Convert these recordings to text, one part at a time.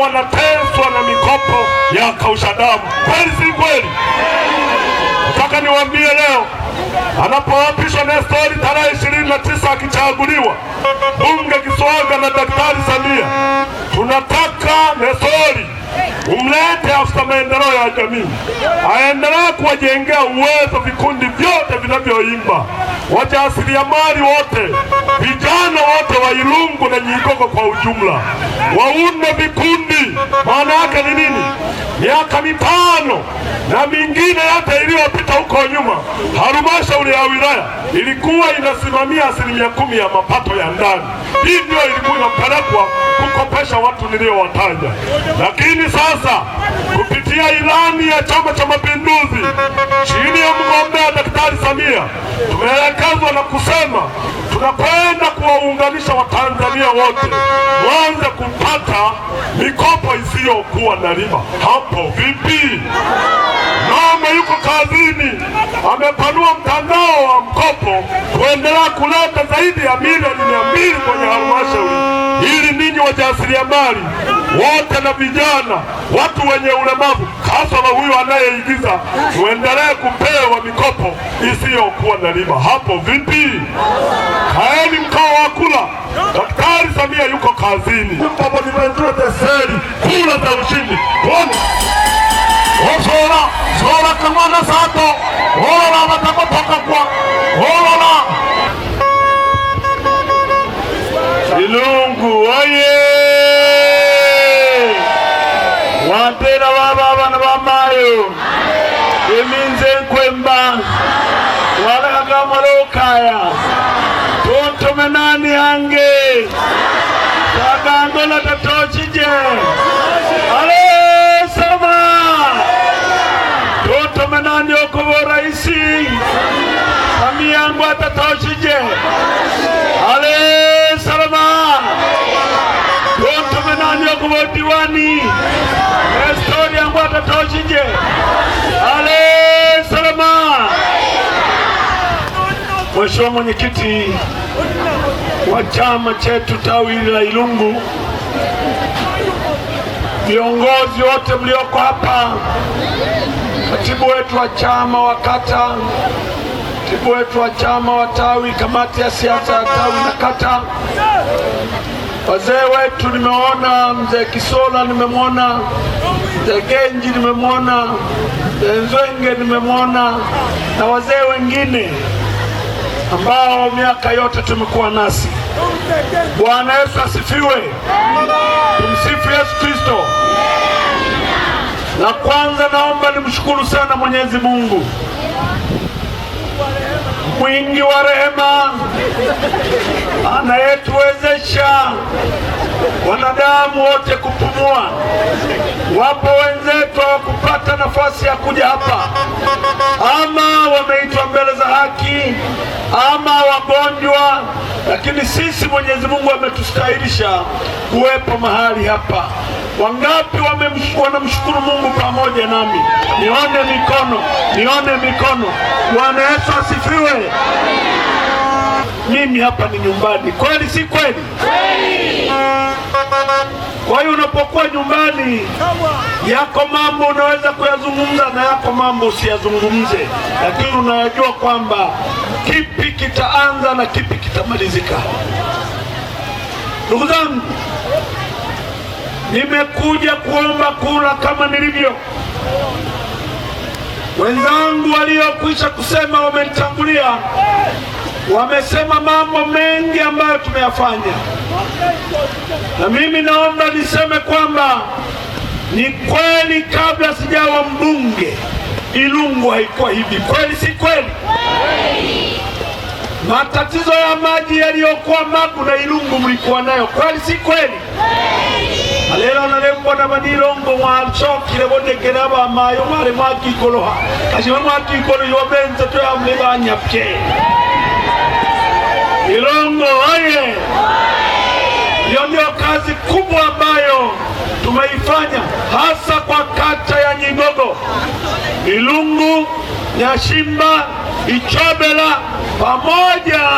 wanateswa na mikopo ya kausha damu. Kweli si kweli? Nataka niwaambie leo, anapoapishwa Nestori tarehe ishirini na tisa akichaguliwa bunge Kiswaga na Daktari Samia, tunataka Nestori umlete afisa maendeleo ya jamii aendelea kuwajengea uwezo vikundi vyote vinavyoimba, wajasiriamali wote, vijana wote wa Ilungu na nyigogo kwa ujumla waunde vikundi. Maana yake ni nini? Miaka mitano na mingine yote iliyopita huko nyuma, halmashauri ya wilaya ilikuwa inasimamia asilimia kumi ya mapato ya ndani, hivyo ilikuwa inapelekwa kukopesha watu niliyowataja, lakini lakini sasa kupitia ilani ya Chama cha Mapinduzi chini ya mgombea Daktari Samia tumeelekezwa na kusema tunakwenda kuwaunganisha Watanzania wote waanze kupata mikopo isiyokuwa na riba. Hapo vipi? mama yuko kazini, amepanua mtandao wa mkopo kuendelea kuleta zaidi ya milioni mia mbili kwenye halmashauri hili wengi wajasiriamali, wote na vijana, watu wenye ulemavu, hasa na huyu anayeigiza, tuendelee kupewa mikopo isiyokuwa na riba. Hapo vipi? Kaeni mkao wa kula. Daktari Samia yuko kazini, kula za ushindi kamana sato kwa Ilungu oye! Wantena baba ba bamayo eminze nkwemba walakagamalookaya tontomenani yange tagandola tatochije Mheshimiwa mwenyekiti wa chama chetu tawi la Ilungu, viongozi wote mlioko hapa, katibu wetu wa chama wa kata, katibu wetu wa chama wa tawi, kamati ya siasa ya tawi na kata, wazee wetu, nimeona mzee Kisola, nimemwona mzee Genji, nimemwona mzee Nzwenge, nimemwona na wazee wengine ambao miaka yote tumekuwa nasi. Bwana Yesu asifiwe. Tumsifu Yesu Kristo. La kwanza naomba nimshukuru sana Mwenyezi Mungu mwingi wa rehema anayetuwezesha wanadamu wote kupumua. Wapo wenzetu hawakupata nafasi ya kuja hapa, ama wameitwa mbele za haki, ama wagonjwa, lakini sisi Mwenyezi Mungu ametustahilisha kuwepo mahali hapa. Wangapi wanamshukuru Mungu pamoja nami? Nione mikono, nione mikono. Bwana Yesu asifiwe. Mimi hapa ni nyumbani, kweli si kweli? Kweli. Kwa hiyo unapokuwa nyumbani, yako mambo unaweza kuyazungumza na yako mambo usiyazungumze, lakini unayajua kwamba kipi kitaanza na kipi kitamalizika. Ndugu zangu, nimekuja kuomba kura kama nilivyo wenzangu waliokwisha kusema, wamenitangulia, wamesema mambo mengi ambayo tumeyafanya. Na mimi naomba niseme kwamba ni kweli, kabla sijawa mbunge Ilungu haikuwa hivi. Kweli si kweli? Matatizo ya maji yaliyokuwa Magu na Ilungu mlikuwa nayo, kweli si kweli? alelo nalembona manilongo mwachokile bonekela bamayo mwale mwakikoloha kashime mwakikolo yobenza tweyamle banyapye Ilungu oye hiyo ndio kazi kubwa ambayo tumeifanya hasa kwa kata ya Nyigogo, Ilungu, Nyashimba, Ichobela pamoja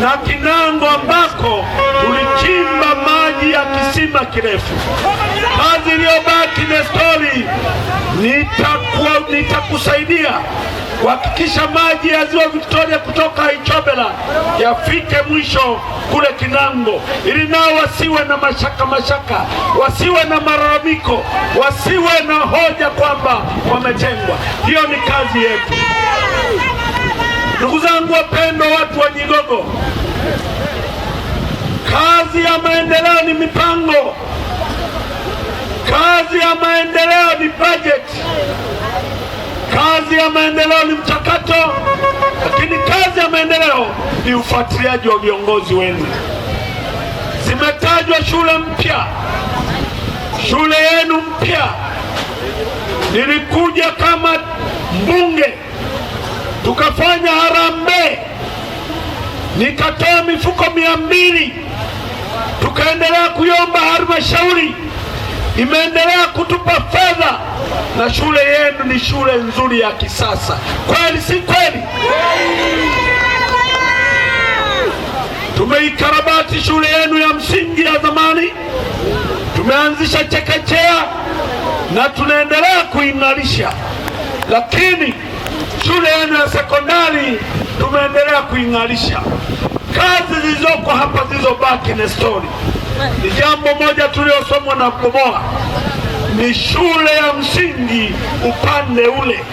na Kinango ambako tulichimba maji ya kisima kirefu. Kazi iliyobaki Nestori, nitakusaidia kuhakikisha maji ya ziwa Victoria kutoka Ichobela yafike mwisho kule Kinango, ili nao wasiwe na mashaka mashaka, wasiwe na malalamiko, wasiwe na hoja kwamba wametengwa. Hiyo ni kazi yetu, ndugu zangu wapendwa, watu wa Nyigogo. Kazi ya maendeleo ni mipango, kazi ya maendeleo ni bajeti. Kazi ya maendeleo ni mchakato, lakini kazi ya maendeleo ni ufuatiliaji wa viongozi wenu. Zimetajwa shule mpya, shule yenu mpya. Nilikuja kama mbunge, tukafanya harambee, nikatoa mifuko mia mbili, tukaendelea kuyomba halmashauri imeendelea kutupa fedha na shule yenu ni shule nzuri ya kisasa. Kweli si kweli? Tumeikarabati shule yenu ya msingi ya zamani, tumeanzisha chekechea na tunaendelea kuimarisha, lakini shule yenu ya sekondari tumeendelea kuing'arisha. Kazi zilizoko hapa zilizobaki ni stori ni jambo moja tuliosomwa na Mkomoa, ni shule ya msingi upande ule.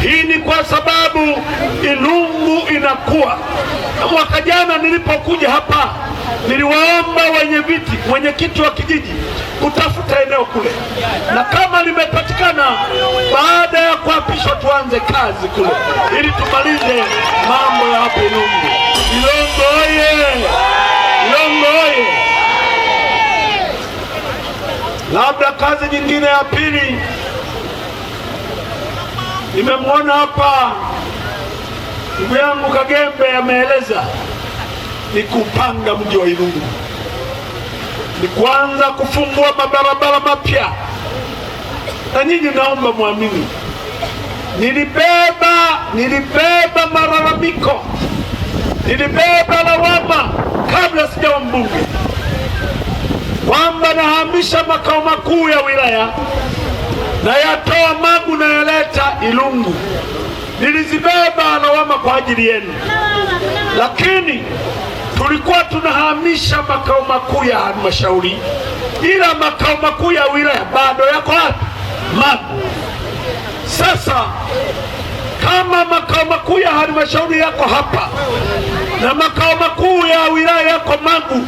Hii ni kwa sababu Ilungu inakuwa. Mwaka jana nilipokuja hapa, niliwaomba wenye viti, mwenyekiti wa kijiji kutafuta eneo kule, na kama limepatikana, baada ya kuapishwa tuanze kazi kule, ili tumalize mambo ya hapa Ilungu. Ilongo oye! Ilongo oye! Labda kazi nyingine ya pili, nimemwona hapa ndugu yangu Kagembe ameeleza, ni kupanga mji wa Ilungu, ni kuanza kufungua mabarabara mapya. Na nyinyi naomba mwamini, nilibeba nilibeba malalamiko, nilibeba lawama kabla sijawa mbunge kwamba nahamisha makao makuu ya wilaya na yatoa Magu na yaleta Ilungu. Nilizibeba lawama kwa ajili yenu, lakini tulikuwa tunahamisha makao makuu ya halmashauri, ila makao makuu ya wilaya bado yako hapa Magu. Sasa kama makao makuu ya halmashauri yako hapa na makao makuu ya wilaya yako Magu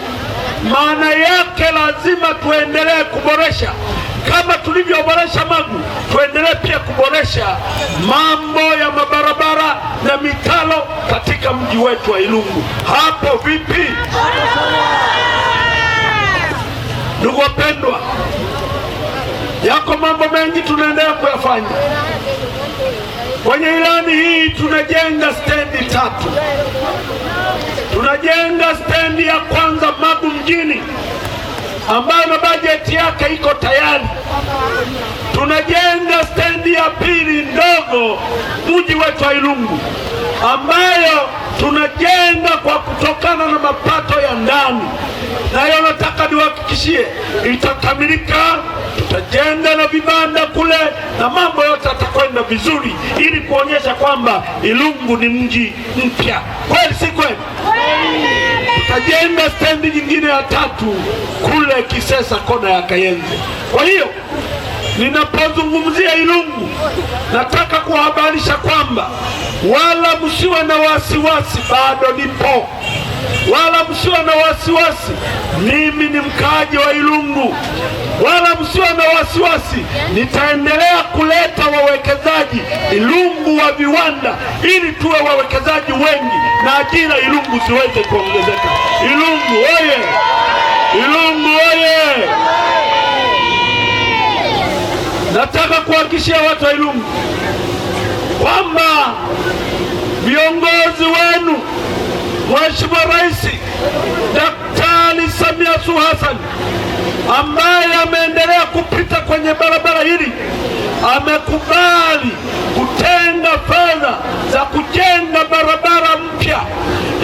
maana yake lazima tuendelee kuboresha kama tulivyoboresha Magu, tuendelee pia kuboresha mambo ya mabarabara na mitalo katika mji wetu wa Ilungu. Hapo vipi, ndugu wapendwa? Yako mambo mengi tunaendelea kuyafanya kwenye ilani hii. Tunajenga stendi tatu tunajenga stendi ya kwanza Magu mjini ambayo na bajeti yake iko tayari. Tunajenga stendi ya pili ndogo mji wetu wa Ilungu ambayo tunajenga kwa kutokana na mapato ya ndani, na hiyo nataka niwahakikishie itakamilika tutajenga na vibanda kule na mambo yote atakwenda vizuri, ili kuonyesha kwamba Ilungu ni mji mpya. Kweli si kweli? Tutajenga stendi nyingine ya tatu kule Kisesa, kona ya Kayenze. Kwa hiyo ninapozungumzia Ilungu nataka kuhabarisha kwamba wala msiwe na wasiwasi, bado nipo, wala msiwe na wasiwasi. Mimi ni mkaaji wa Ilungu wala msiwe na wasiwasi. Nitaendelea kuleta wawekezaji Ilungu wa viwanda, ili tuwe wawekezaji wengi na ajira Ilungu ziweze kuongezeka. Ilungu oye! Ilungu oye! Nataka kuhakikishia watu wa Ilungu kwamba viongozi wenu Mheshimiwa Rais Daktari Samia Suluhu Hassan ambaye kwenye barabara hili amekubali kutenga fedha za kujenga barabara mpya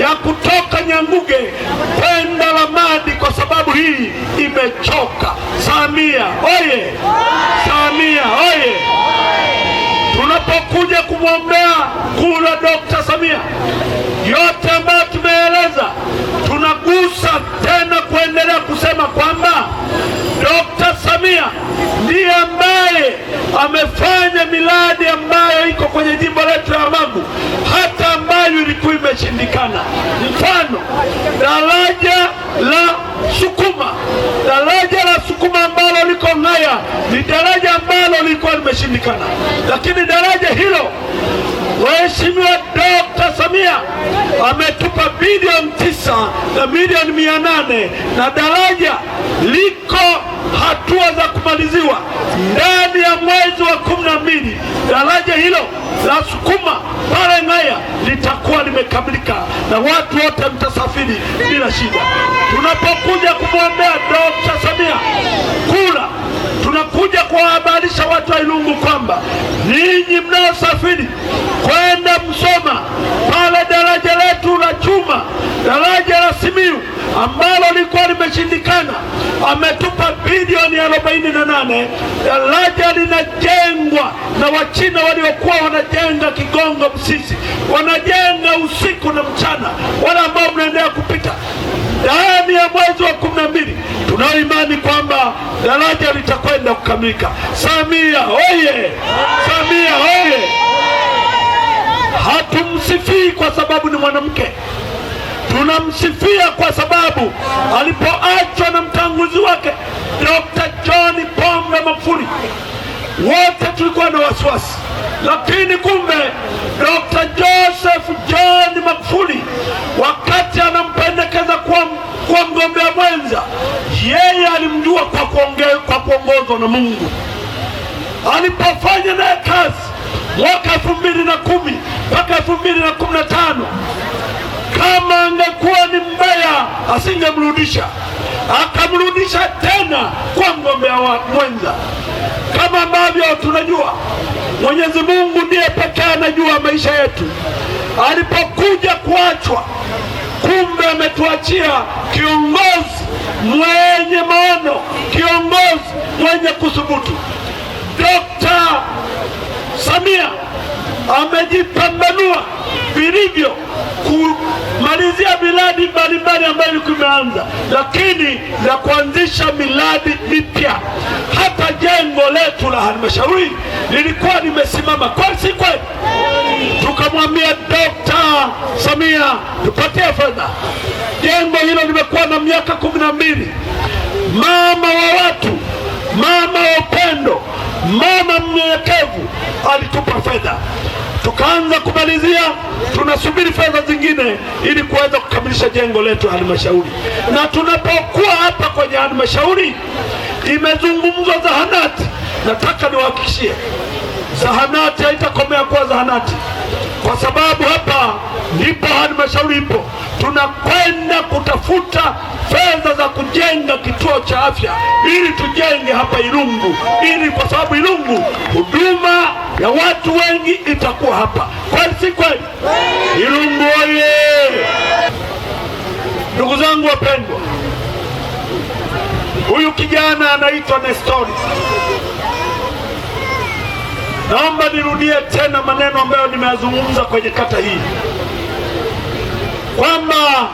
ya kutoka Nyanguge kwenda Lamadi kwa sababu hii imechoka. Samia oye! Samia oye! Tunapokuja kumwombea kura Dr. Samia, yote ambayo tumeeleza tunagusa tena kuendelea kusema kwamba Dr. Samia ndiye ambaye amefanya miradi ambayo iko kwenye jimbo letu la Magu hata ambayo ilikuwa imeshindikana. Mfano, daraja la Sukuma, daraja la Sukuma ambalo liko ng'aya ni daraja ambalo lilikuwa limeshindikana, lakini daraja hilo Mheshimiwa Dr. Samia ametupa bilioni tisa na milioni mia nane na daraja liko hatua za kumaliziwa ndani ya mwezi wa kumi na mbili daraja hilo la Sukuma pale ng'aya litakuwa limekamilika na watu wote mtasafiri bila shida. Tunapokuja kumwombea dokta Samia kura, tunakuja kuwahabarisha watu wa Ilungu kwamba ninyi mnaosafiri kwenda Msoma, pale daraja letu la chuma, daraja la Simiyu ambalo lilikuwa limeshindikana, ametupa bilioni arobaini na nane. Daraja linajengwa na Wachina waliokuwa wana wanajenga Kigongo Msisi, wanajenga usiku na mchana. Wala ambao mnaendelea kupita ndani ya mwezi wa kumi na mbili, tunayo imani kwamba daraja litakwenda kukamilika. Samia oye! Samia oye! Hatumsifii kwa sababu ni mwanamke tunamsifia kwa sababu alipoachwa na mtanguzi wake Dr. John Pombe Magufuli, wote tulikuwa na wasiwasi lakini kumbe Dr. Joseph John Magufuli wakati anampendekeza kwa mgombea mwenza, yeye alimjua kwa kuongea, kwa kuongozwa na Mungu. Alipofanya naye kazi mwaka elfu mbili na kumi mpaka elfu mbili na kumi na tano kama angekuwa ni mbaya asingemrudisha, akamrudisha tena kwa mgombea mwenza, kama ambavyo tunajua Mwenyezi Mungu ndiye pekee anajua maisha yetu. Alipokuja kuachwa, kumbe ametuachia kiongozi mwenye maono, kiongozi mwenye kusubutu. Dr. Samia amejipambanua vilivyo ku kumalizia miradi mbalimbali ambayo ilikuwa imeanza, lakini na kuanzisha miradi mipya. Hata jengo letu la halmashauri lilikuwa limesimama, kweli si kweli? Tukamwambia Dokta Samia tupatie fedha. Jengo hilo limekuwa na miaka kumi na mbili. Mama wa watu, mama wa upendo, mama mnyenyekevu alitupa fedha tumeanza kumalizia, tunasubiri fedha zingine ili kuweza kukamilisha jengo letu halmashauri. Na tunapokuwa hapa kwenye halmashauri, imezungumzwa zahanati. Nataka niwahakikishie zahanati haitakomea kuwa zahanati, kwa sababu hapa ndipo halmashauri ipo. Tunakwenda kutafuta fedha za kujenga kituo cha afya ili tujenge hapa Ilungu, ili kwa sababu Ilungu huduma ya watu wengi itakuwa hapa. Kweli si kweli? Ilungu oye! Ndugu zangu wapendwa, huyu kijana anaitwa Nestori. Naomba nirudie tena maneno ambayo nimeyazungumza kwenye kata hii kwamba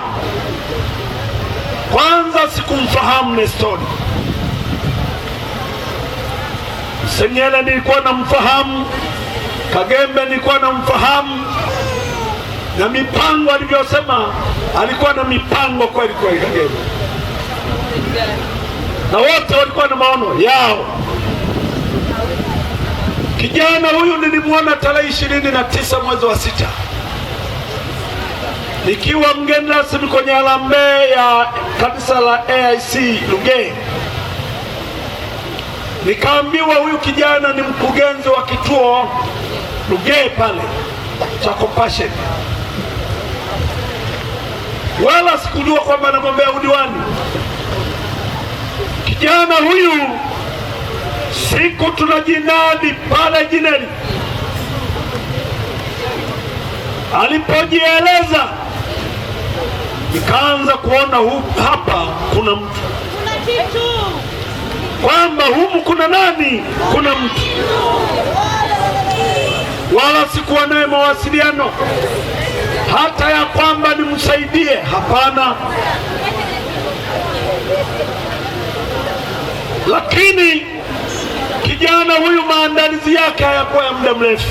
kwanza sikumfahamu Nestori Seng'ele nilikuwa namfahamu, Kagembe nilikuwa namfahamu, na mipango alivyosema, alikuwa na mipango kweli kweli Kagembe, na wote walikuwa na maono yao. Kijana huyu nilimwona tarehe ishirini na tisa mwezi wa sita nikiwa mgeni rasmi kwenye harambee ya kanisa la AIC Lugeni. Nikaambiwa huyu kijana ni mkurugenzi wa kituo Lugeye pale cha Compassion, wala sikujua kwamba anagombea udiwani. Kijana huyu siku tunajinadi pale Jineli alipojieleza nikaanza kuona hapa kuna mtu kwamba humu kuna nani? Kuna mtu. Wala sikuwa naye mawasiliano hata ya kwamba nimsaidie, hapana. Lakini kijana huyu maandalizi yake hayakuwa ya muda mrefu,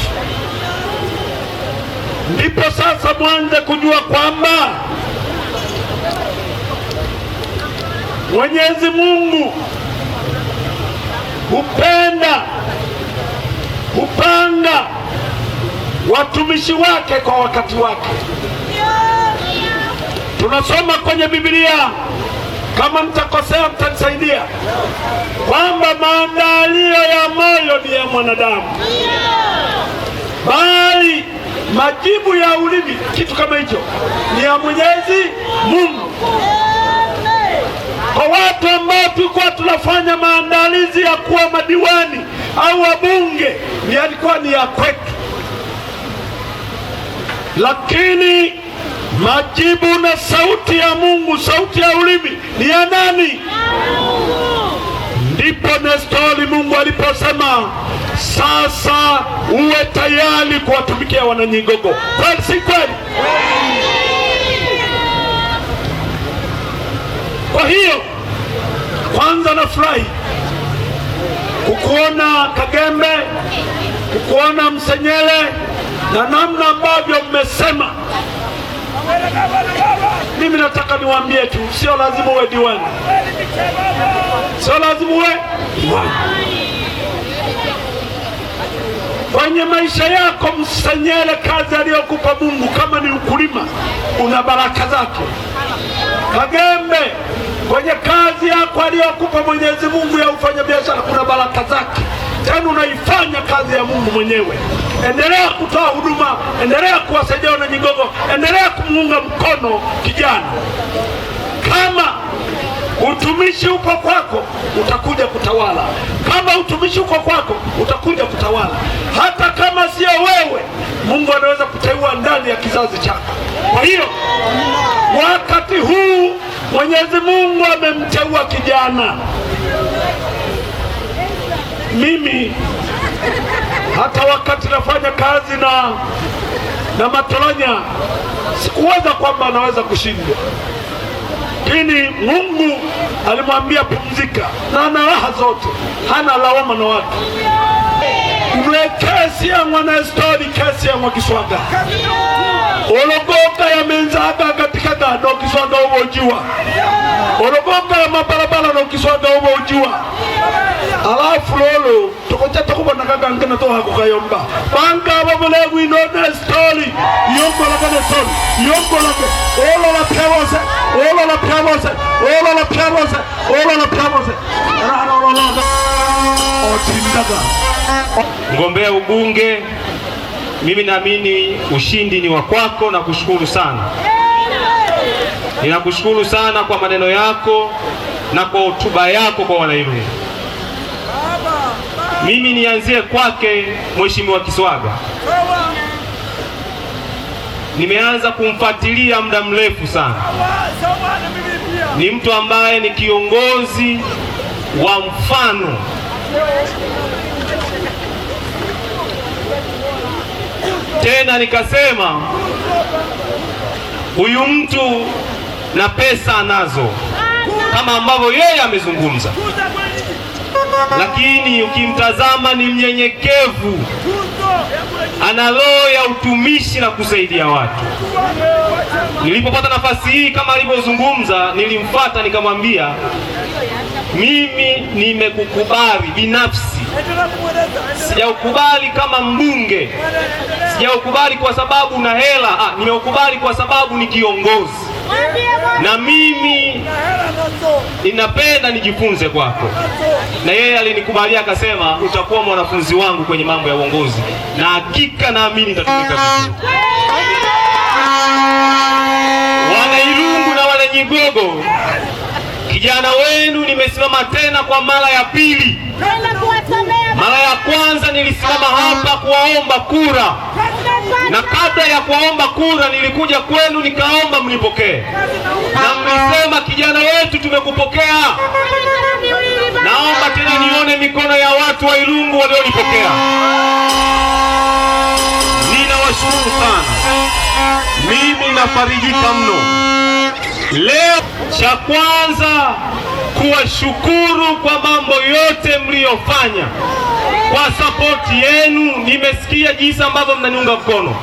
ndipo sasa mwanze kujua kwamba Mwenyezi Mungu hupenda hupanga watumishi wake kwa wakati wake. Tunasoma kwenye Biblia, kama mtakosea mtanisaidia, kwamba maandalio ya moyo ni ya mwanadamu, bali majibu ya ulimi, kitu kama hicho, ni ya Mwenyezi Mungu. Kwa watu ambao tulikuwa tunafanya maandalizi ya kuwa madiwani au wabunge, yalikuwa ni ya kwetu, lakini majibu na sauti ya Mungu, sauti ya ulimi ni ya nani? Ndipo Nestori Mungu aliposema sasa uwe tayari kuwatumikia wananyigogo. Kweli si kweli? Kwa hiyo kwanza nafurahi kukuona Kagembe, kukuona Msenyele na namna ambavyo mmesema. Mimi nataka niwaambie tu, sio lazima uwe diwani, sio lazima uwe diwani kwenye maisha yako. Msenyele, kazi aliyokupa Mungu, kama ni ukulima, una baraka zake. Kagembe Kwenye kazi yako aliyokupa Mwenyezi Mungu ya ufanya biashara kuna baraka zake, tena yaani unaifanya kazi ya Mungu mwenyewe. Endelea kutoa huduma, endelea kuwasaidia na migogo, endelea kumuunga mkono kijana. Kama utumishi upo kwako, utakuja kutawala. Kama utumishi uko kwako, utakuja kutawala. Hata kama sio wewe, Mungu anaweza kuteua ndani ya kizazi chako. Kwa hiyo wakati huu Mwenyezi Mungu amemteua kijana. Mimi hata wakati nafanya kazi na na Matolonya sikuweza kwamba anaweza kushindwa, lakini Mungu alimwambia pumzika, na ana raha zote, hana lawama na watu. Ndio kesi ya mwanahistori, kesi ya Mwakiswaga. Ologoka yamenzaga katikata na ukisonga huko ujua. Ologoka ya mabarabara na ukisonga huko ujua. Alafu lolo tukocha tukubona kaka ngena to hakukayomba. Banga babule we know the story. Yoko la kana story. Yoko la olo la pyamose. Olo la pyamose. Olo la pyamose. Olo la pyamose. Rara olo la. Otindaga. Ngombea ubunge mimi naamini ushindi ni wa kwako, na kushukuru sana, ninakushukuru sana kwa maneno yako na kwa hotuba yako kwa Wanailulu. Mimi nianzie kwake Mheshimiwa Kiswaga, nimeanza kumfuatilia muda mrefu sana. Ni mtu ambaye ni kiongozi wa mfano Tena nikasema huyu mtu na pesa anazo kama ambavyo yeye amezungumza, lakini ukimtazama ni mnyenyekevu, ana roho ya utumishi na kusaidia watu. Nilipopata nafasi hii kama alivyozungumza, nilimfuata nikamwambia, mimi nimekukubali binafsi Sijaukubali kama mbunge, sijaukubali kwa sababu na hela ah, nimeukubali kwa sababu ni kiongozi, na mimi ninapenda nijifunze kwako. Na yeye alinikubalia akasema, utakuwa mwanafunzi wangu kwenye mambo ya uongozi, na hakika naamini itatumika Wana Ilungu na wana Nyigogo, kijana wenu nimesimama tena kwa mara ya pili. Mara ya kwanza nilisimama hapa kuwaomba kura, na kabla ya kuwaomba kura nilikuja kwenu nikaomba mnipokee, na mlisema kijana wetu tumekupokea. Naomba tena nione mikono ya watu wa Ilungu walionipokea. Ninawashukuru sana, mimi nafarijika mno. Leo cha kwanza kuwashukuru kwa mambo yote mliyofanya, kwa sapoti yenu. Nimesikia jinsi ambavyo mnaniunga mkono,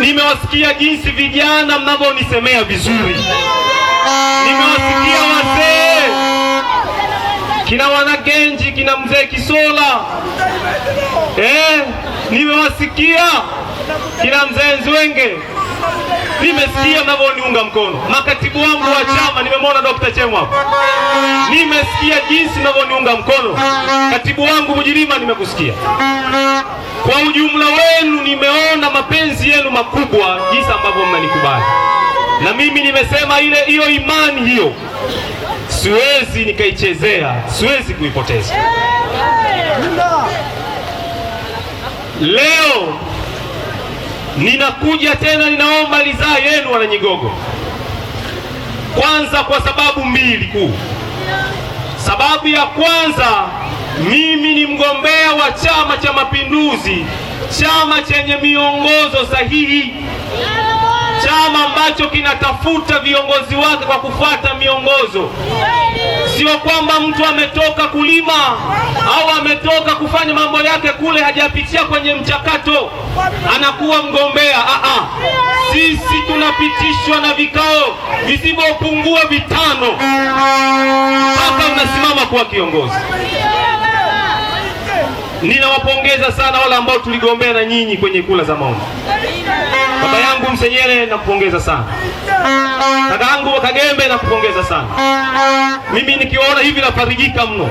nimewasikia jinsi vijana mnavyonisemea vizuri, nimewasikia wazee kina Wanagenji kina mzee Kisola eh, nimewasikia kina mzee Nzwenge Nimesikia mnavyoniunga mkono, makatibu wangu wa chama, nimemwona Dr. Chemwa, Nimesikia jinsi mnavyoniunga mkono, katibu wangu Mjirima, nimekusikia. Kwa ujumla wenu, nimeona mapenzi yenu makubwa, jinsi ambavyo mnanikubali na mimi nimesema ile hiyo imani hiyo siwezi nikaichezea, siwezi kuipoteza leo. Ninakuja tena, ninaomba ridhaa yenu Wananyigogo, kwanza kwa sababu mbili kuu. Sababu ya kwanza, mimi ni mgombea wa Chama cha Mapinduzi, chama chenye miongozo sahihi chama ambacho kinatafuta viongozi wake kwa kufuata miongozo, sio kwamba mtu ametoka kulima au ametoka kufanya mambo yake kule, hajapitia kwenye mchakato anakuwa mgombea. Aa, sisi tunapitishwa na vikao visivyopungua vitano mpaka unasimama kuwa kiongozi. Ninawapongeza sana wale ambao tuligombea na nyinyi kwenye kula za maoni. Baba yangu Msenyele, nakupongeza sana. Kaka yangu Kagembe, nakupongeza sana. Mimi nikiwaona hivi nafarijika mno.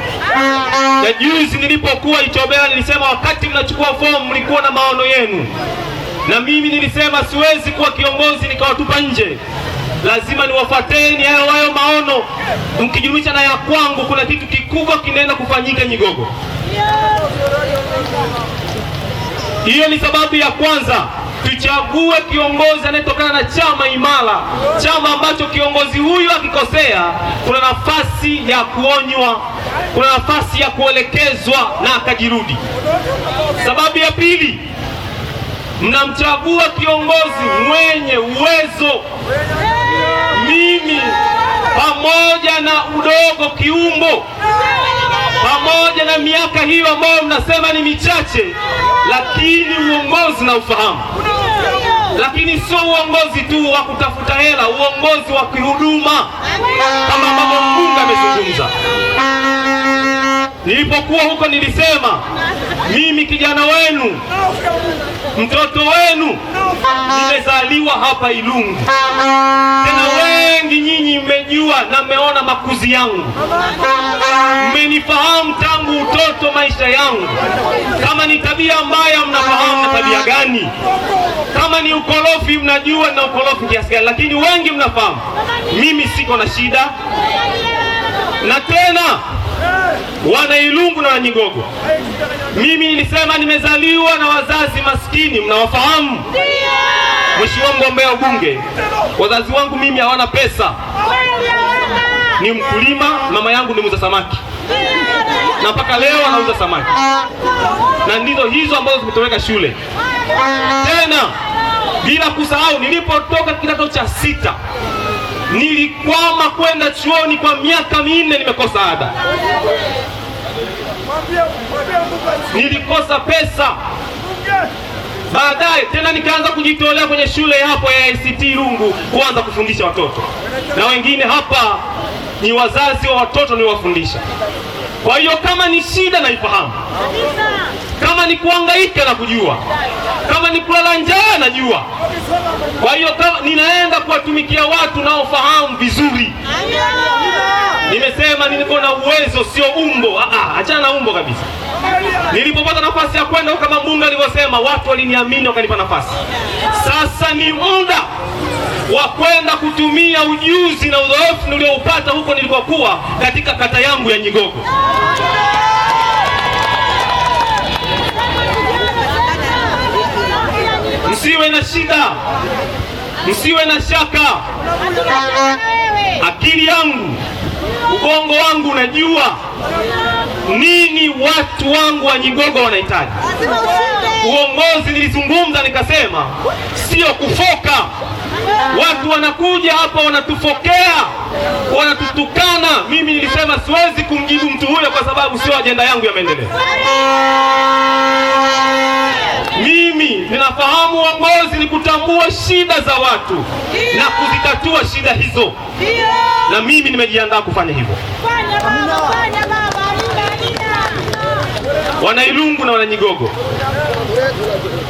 Na juzi nilipokuwa Ichobela, nilisema wakati mnachukua fomu mlikuwa na maono yenu, na mimi nilisema siwezi kuwa kiongozi nikawatupa nje, lazima niwafuateni hayo hayo maono, mkijumuisha na ya kwangu. Kuna kitu kikubwa kinaenda kufanyika Nyigogo. Hiyo ni sababu ya kwanza tuchague kiongozi anayetokana na chama imara, chama ambacho kiongozi huyu akikosea, kuna nafasi ya kuonywa, kuna nafasi ya kuelekezwa na akajirudi. Sababu ya pili, mnamchagua kiongozi mwenye uwezo. Mimi pamoja na udogo kiumbo pamoja na miaka hiyo ambayo mnasema ni michache, lakini uongozi na ufahamu lakini sio uongozi tu wa kutafuta hela, uongozi wa kihuduma kama ambavyo mbunge amezungumza. Nilipokuwa huko nilisema mimi kijana wenu, mtoto wenu, nimezaliwa hapa Ilungu, tena wengi nyinyi mmejua na mmeona makuzi yangu, mmenifahamu tangu utoto, maisha yangu kama tabia mbaya, mnafahamu na tabia gani? Kama ni ukorofi, mnajua na ukorofi kiasi gani, lakini wengi mnafahamu. Mimi siko na shida, na tena wana ilungu na wanyigogo. Mimi nilisema nimezaliwa na wazazi maskini, mnawafahamu. Mheshimiwa mgombea ubunge, wazazi wangu mimi hawana pesa, ni mkulima, mama yangu ni muuza samaki na mpaka leo anauza samaki na ndizo hizo ambazo zimetoweka shule. Tena bila kusahau, nilipotoka kidato cha sita nilikwama kwenda chuoni kwa miaka minne, nimekosa ada, nilikosa pesa. Baadaye tena nikaanza kujitolea kwenye shule hapo ya ICT Lungu kuanza kufundisha watoto, na wengine hapa ni wazazi wa watoto niwafundisha. Kwa hiyo kama ni shida naifahamu kama ni kuangaika na kujua, kama ni kulala njaa najua. Kwa hiyo ninaenda kuwatumikia watu naofahamu vizuri. Nimesema nilikuwa na uwezo, sio umbo. Aa, ah, ah, achana na umbo kabisa. Nilipopata nafasi ya kwenda kama mbunge alivyosema, watu waliniamini wakanipa nafasi. Sasa ni muda wa kwenda kutumia ujuzi na uzoefu nilioupata huko nilikokuwa katika kata yangu ya Nyigogo. usiwe na shida, usiwe na shaka. Akili yangu ubongo wangu unajua nini watu wangu wa Nyigogo wanahitaji. Uongozi nilizungumza nikasema, sio kufoka. Watu wanakuja hapa wanatufokea, wanatutukana. Mimi nilisema siwezi kumjibu mtu huyo kwa sababu sio ajenda yangu ya maendeleo mimi ninafahamu uongozi ni kutambua shida za watu Dio, na kuzitatua shida hizo Dio, na mimi nimejiandaa kufanya hivyo. Wanailungu na Wananyigogo,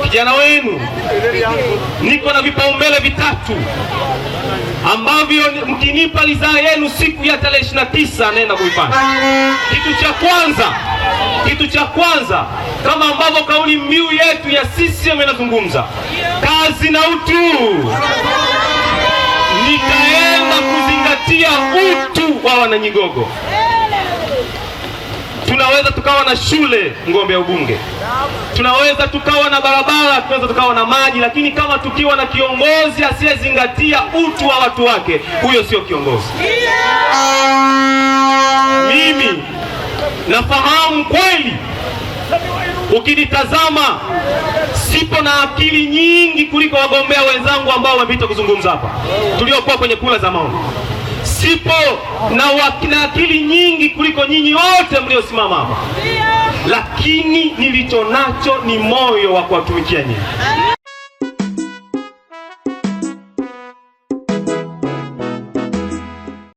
kijana wenu, niko na vipaumbele vitatu ambavyo mkinipa ridhaa yenu siku ya tarehe 29 naenda kuifanya. Kitu cha kwanza kitu cha kwanza, kama ambavyo kauli mbiu yetu ya CCM inazungumza kazi na utu, nitaenda kuzingatia utu wa wananyigogo. Tunaweza tukawa na shule ngombe ya ubunge, tunaweza tukawa na barabara, tunaweza tukawa na maji, lakini kama tukiwa na kiongozi asiyezingatia utu wa watu wake, huyo sio kiongozi. Mimi Nafahamu kweli, ukinitazama sipo na akili nyingi kuliko wagombea wenzangu ambao wamepita kuzungumza hapa, tuliokuwa kwenye kula za maoni. Sipo na akili nyingi kuliko nyinyi wote mliosimama hapa, lakini nilicho nacho ni moyo wa kuwatumikia nyinyi.